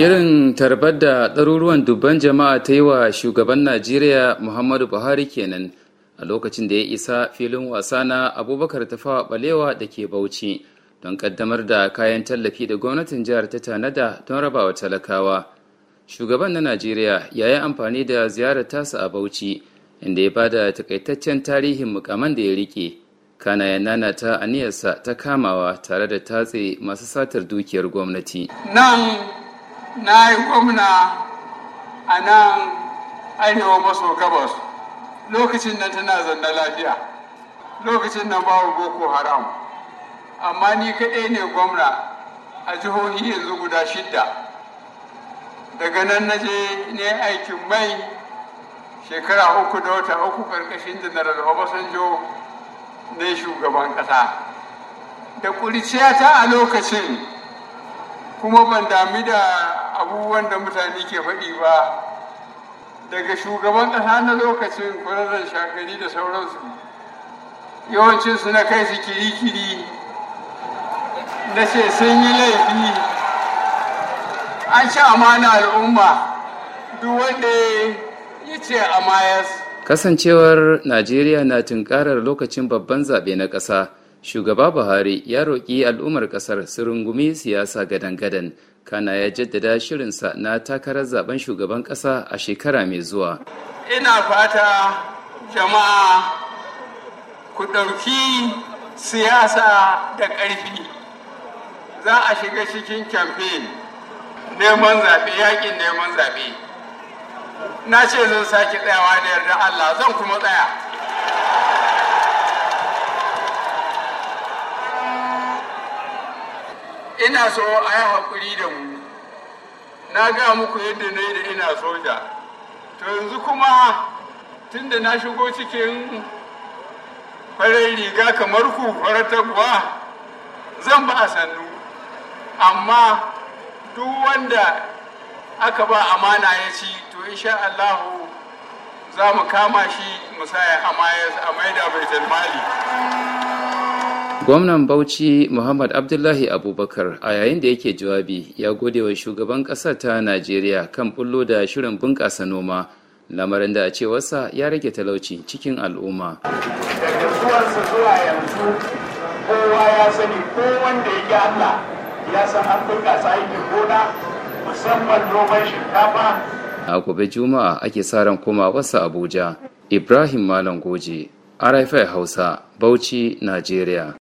Irin tarbar da ɗaruruwan dubban jama'a ta yi wa shugaban Najeriya Muhammadu Buhari kenan a lokacin da ya isa filin wasa na Abubakar Tafawa Balewa da ke Bauchi don ƙaddamar da kayan tallafi da gwamnatin jihar ta tanada don rabawa talakawa. Shugaban na Najeriya ya yi amfani da ziyarar tasa a Bauchi inda ya bada takaitaccen tarihin mukaman da ya rike. Kana ya ta aniyarsa ta kamawa tare da tatse masu satar dukiyar gwamnati. Nan na yi gwamna a nan arewa maso gabas lokacin nan tana zanna lafiya lokacin nan babu boko haram amma ni kaɗai ne gwamna a jihohi yanzu guda shidda daga nan na je ne aikin mai shekara uku da wata uku ƙarƙashin janaral obasanjo ne shugaban ƙasa da ƙuriciyata a lokacin kuma ban dami da abubuwan da mutane ke faɗi ba daga shugaban ƙasa na lokacin kwararren shakari da sauransu yawancinsu na kai su kiri-kiri na ce sun yi laifi an ci amana al'umma duk wanda ya ce amayas kasancewar najeriya na tunkarar lokacin babban zaɓe na ƙasa shugaba buhari ya roƙi al'ummar ƙasar su rungumi siyasa gadan-gadan kana ya jaddada shirinsa na takarar zaben shugaban ƙasa a shekara mai zuwa ina fata jama'a ku ɗauki siyasa da ƙarfi za a shiga cikin kyamfen neman zaɓe yaƙin neman zaɓe na ce zan sake tsayawa da yarda allah zan kuma tsaya ina so a yi haƙuri da mu na ga muku yadda na yi da ina soja to yanzu kuma tun da na shigo cikin farar riga kamar ku farar zan ba a sannu amma duk wanda aka ba amana ya ci to sha Allahu za mu kama shi musaya a maida baitul mali Gwamnan Bauchi Muhammad Abdullahi Abubakar a yayin da yake jawabi ya gode wa shugaban ƙasar ta Najeriya kan bullo da shirin bunƙasa noma lamarin da a cewarsa ya rage talauci cikin al'umma. Daga zuwansa zuwa yanzu kowa ya sani ko wanda Allah ya san an bunƙasa aikin gona musamman noman shinkafa. A gobe Juma'a ake sa ran komawarsa Abuja. Ibrahim Malam Goje, RFI Hausa, Bauchi, Najeriya.